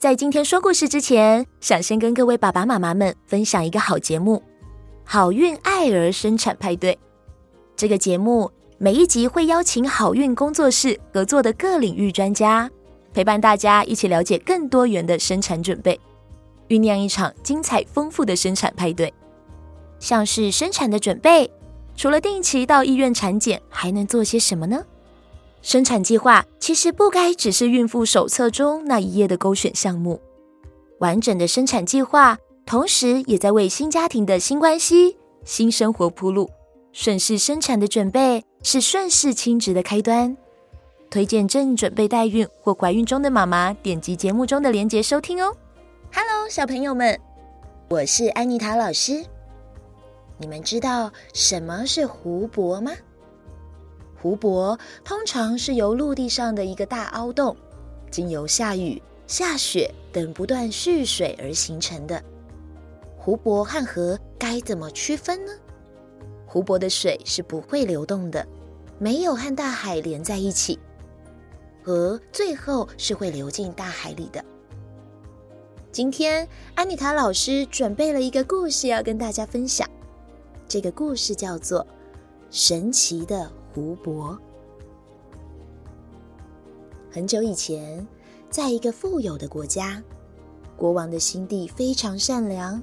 在今天說故事之前，想先跟各位爸爸媽媽們分享一個好節目，《好孕愛兒生產派對》。這個節目每一集會邀請好孕工作室合作的各領域專家，陪伴大家一起了解更多元的生產準備，醞釀一場精彩豐富的生產派對。像是生產的準備，除了定期到醫院產檢，還能做些什麼呢？生產計劃其實不該只是孕婦手冊中那一頁的勾選項目。完整的生產計劃，同時也在為新家庭的新關係、新生活鋪路。順勢生產的準備是順勢親職的開端。推薦正準備代孕或懷孕中的媽媽點擊節目中的鏈接收聽哦。Hello，小朋友們，我是安妮塔老師。你們知道什麼是湖泊嗎？湖泊通常是由陸地上的一個大凹洞，經由下雨、下雪等不斷蓄水而形成的。湖泊和河該怎麼區分呢？湖泊的水是不會流動的，沒有和大海連在一起，河最後是會流進大海裡的。今天安妮塔老師準備了一個故事要跟大家分享，這個故事叫做《神奇的》。湖泊。很久以前，在一個富有的國家，國王的心地非常善良，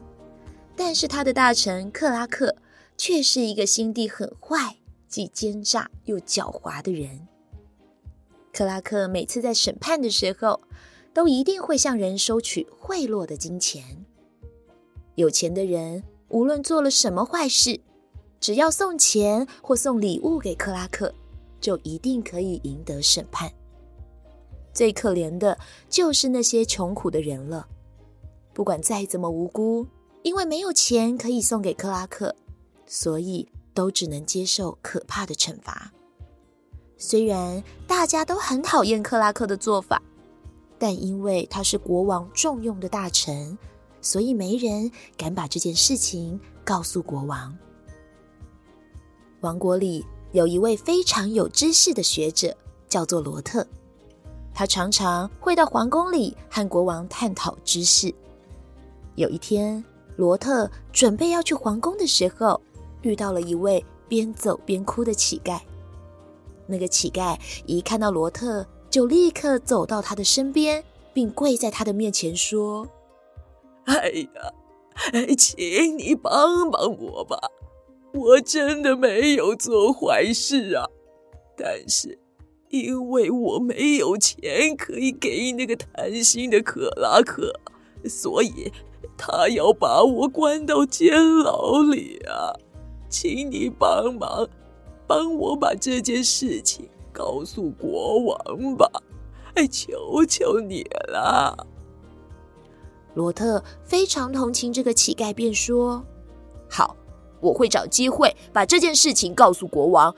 但是他的大臣克拉克卻是一個心地很壞、既奸詐又狡猾的人。克拉克每次在審判的時候，都一定會向人收取賄賂的金錢。有錢的人無論做了什麼壞事，只要送錢或送禮物給克拉克，就一定可以贏得審判。最可憐的就是那些窮苦的人了。不管再怎麼無辜，因為沒有錢可以送給克拉克，所以都只能接受可怕的懲罰。雖然大家都很討厭克拉克的做法，但因為他是國王重用的大臣，所以沒人敢把這件事情告訴國王。王國裡有一位非常有知識的學者，叫做羅特。他常常會到皇宮裡和國王探討知識。有一天，羅特準備要去皇宮的時候，遇到了一位邊走邊哭的乞丐。那個乞丐一看到羅特，就立刻走到他的身邊，並跪在他的面前說：“哎呀，哎，請你幫幫我吧。”我真的沒有做壞事啊，但是，因為我沒有錢可以給那個貪心的克拉克，所以他要把我關到監牢裡啊！請你幫忙，幫我把這件事情告訴國王吧，哎，求求你了！羅特非常同情這個乞丐，便說：“好。”我會找機會把這件事情告訴國王，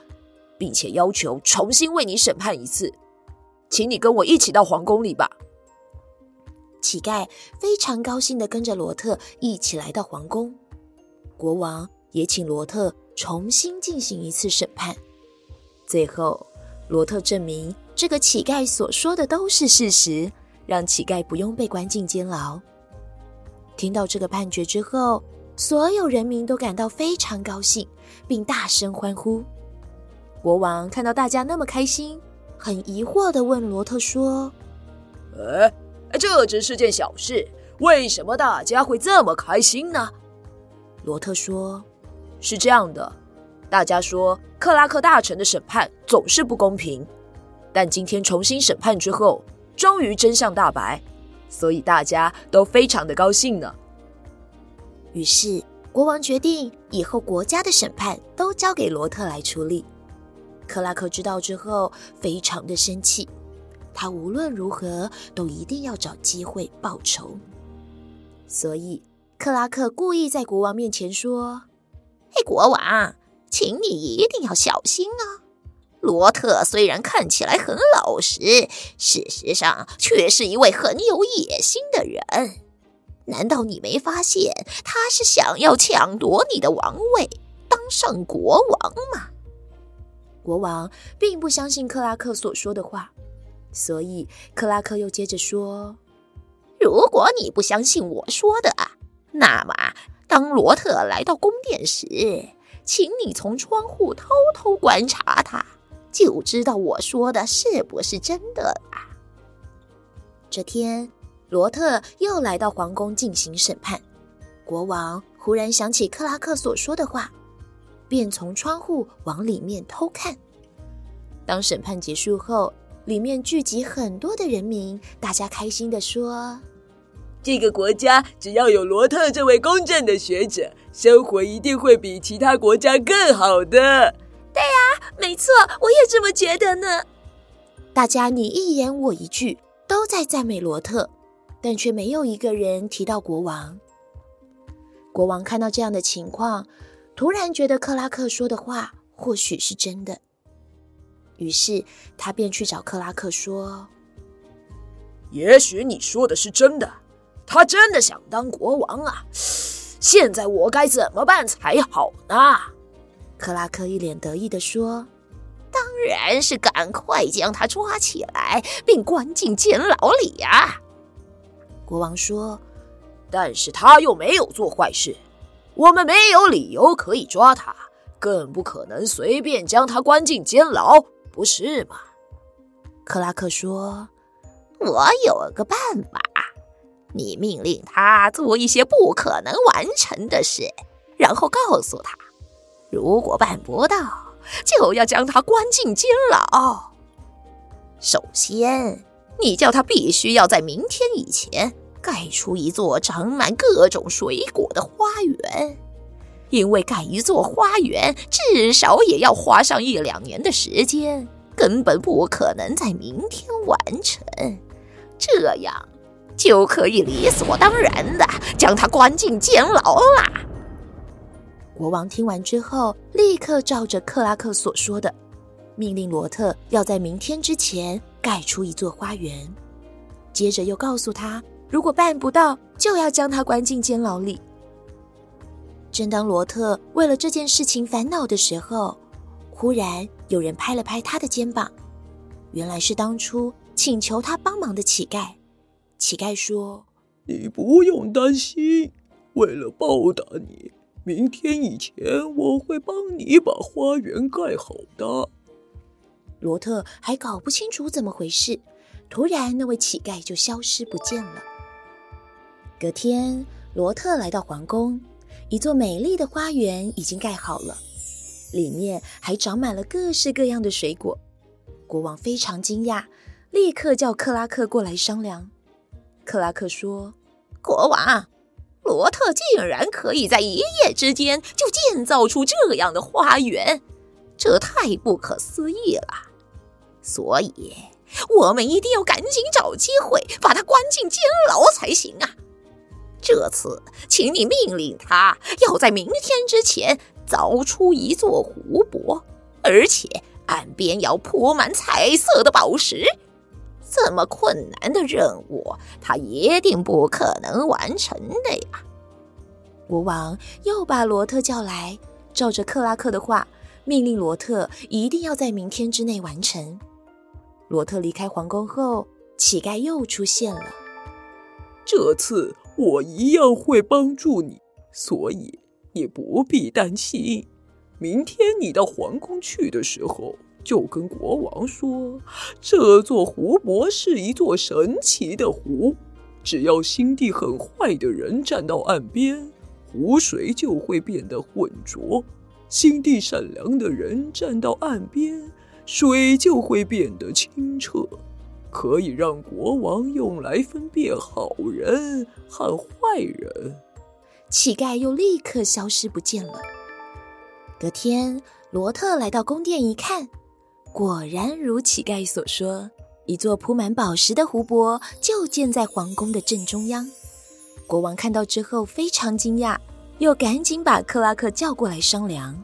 並且要求重新為你審判一次。請你跟我一起到皇宮裡吧。乞丐非常高興的跟着羅特一起來到皇宮，國王也請羅特重新進行一次審判。最後，羅特證明這個乞丐所說的都是事實，讓乞丐不用被關進監牢。聽到這個判決之後，所有人民都感到非常高興，並大聲歡呼。國王看到大家那麼開心，很疑惑地問羅特說：“哎，這只是件小事，為什麼大家會這麼開心呢？”羅特說：“是這樣的，大家說克拉克大臣的審判總是不公平，但今天重新審判之後，終於真相大白，所以大家都非常的高興呢。”於是，國王決定以後國家的審判都交給羅特來處理。克拉克知道之後，非常的生氣，他無論如何都一定要找機會報仇。所以，克拉克故意在國王面前說：“嘿，國王，請你一定要小心啊！羅特雖然看起來很老實，事實上卻是一位很有野心的人。”難道你沒發現他是想要搶奪你的王位，當上國王嗎？國王並不相信克拉克所說的話，所以克拉克又接着說：“如果你不相信我說的，那麼當羅特來到宮殿時，請你從窗戶偷偷觀察他，就知道我說的是不是真的了。”這天。羅特又來到皇宮進行審判，國王忽然想起克拉克所說的話，便從窗戶往裡面偷看。當審判結束後，裡面聚集很多的人民，大家開心地說：“這個國家只要有羅特這位公正的學者，生活一定會比其他國家更好的。”“對呀、啊，沒錯，我也這麼覺得呢。”大家你一言我一句，都在讚美羅特。但卻沒有一個人提到國王。國王看到這樣的情況，突然覺得克拉克說的話或許是真的。於是他便去找克拉克說：“也許你說的是真的，他真的想當國王啊！現在我該怎麼辦才好呢？”克拉克一臉得意地說：“當然是趕快將他抓起來，並關進監牢裡呀！”國王說：“但是他又沒有做壞事，我們沒有理由可以抓他，更不可能隨便將他關進監牢，不是嗎？”克拉克說：“我有個辦法，你命令他做一些不可能完成的事，然後告訴他，如果辦不到，就要將他關進監牢。首先，你叫他必須要在明天以前。”蓋出一座長滿各種水果的花園，因為蓋一座花園至少也要花上一兩年的時間，根本不可能在明天完成。這樣就可以理所當然的將他關進監牢啦。國王聽完之後，立刻照着克拉克所說的，命令羅特要在明天之前蓋出一座花園，接着又告訴他。如果辦不到，就要將他關進監牢裡。正當羅特為了這件事情煩惱的時候，忽然有人拍了拍他的肩膀，原來是當初請求他幫忙的乞丐。乞丐說：“你不用擔心，為了報答你，明天以前我會幫你把花園蓋好的。”羅特還搞不清楚怎麼回事，突然那位乞丐就消失不見了。隔天，羅特來到皇宮，一座美麗的花園已經蓋好了，裡面還長滿了各式各樣的水果。國王非常驚訝，立刻叫克拉克過來商量。克拉克說：“國王，羅特竟然可以在一夜之間就建造出這樣的花園，這太不可思議了。所以，我們一定要趕緊找機會把他關進監牢才行啊！”這次，請你命令他要在明天之前鑿出一座湖泊，而且岸邊要鋪滿彩色的寶石。這麼困難的任務，他一定不可能完成的呀！國王又把羅特叫來，照着克拉克的話，命令羅特一定要在明天之內完成。羅特離開皇宮後，乞丐又出現了。這次我一樣會幫助你，所以你不必擔心。明天你到皇宮去的時候，就跟國王說，這座湖泊是一座神奇的湖。只要心地很壞的人站到岸邊，湖水就會變得渾濁；心地善良的人站到岸邊，水就會變得清澈。可以讓國王用來分辨好人和壞人。乞丐又立刻消失不見了。隔天，羅特來到宮殿一看，果然如乞丐所說，一座鋪滿寶石的湖泊就建在皇宮的正中央。國王看到之後非常驚訝，又趕緊把克拉克叫過來商量。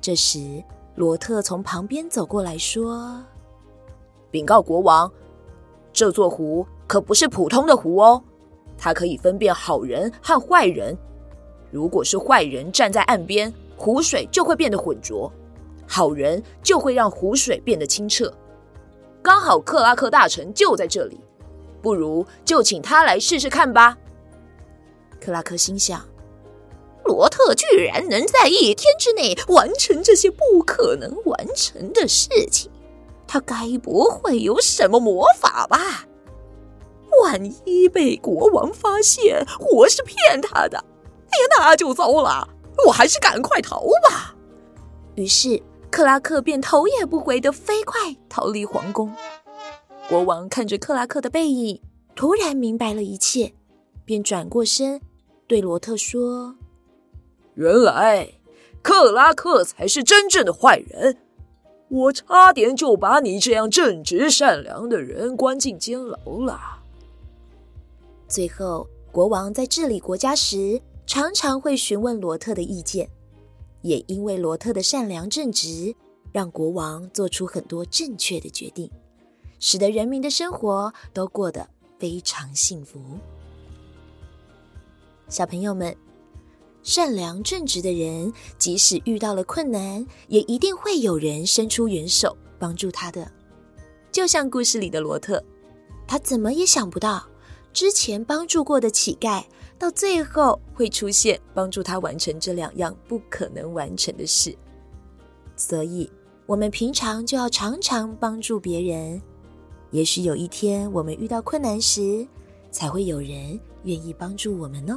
這時，羅特從旁邊走過來說。稟告國王，這座湖可不是普通的湖哦，它可以分辨好人和壞人。如果是壞人站在岸邊，湖水就會變得渾濁；好人就會讓湖水變得清澈。剛好克拉克大臣就在這裡，不如就請他來試試看吧。克拉克心想：羅特居然能在一天之內完成這些不可能完成的事情。他該不會有什麼魔法吧？萬一被國王發現我是騙他的，哎呀，那就糟了！我還是趕快逃吧。於是克拉克便頭也不回的飛快逃離皇宮。國王看着克拉克的背影，突然明白了一切，便轉過身對羅特說：“原來克拉克才是真正的壞人。”我差點就把你這樣正直善良的人關進監牢了。最後，國王在治理國家時，常常會詢問羅特的意見，也因為羅特的善良正直，讓國王做出很多正確的決定，使得人民的生活都過得非常幸福。小朋友們。善良正直的人，即使遇到了困難，也一定會有人伸出援手幫助他的。就像故事裡的羅特，他怎麼也想不到，之前幫助過的乞丐，到最後會出現幫助他完成這兩樣不可能完成的事。所以，我們平常就要常常幫助別人，也許有一天我們遇到困難時，才會有人願意幫助我們呢。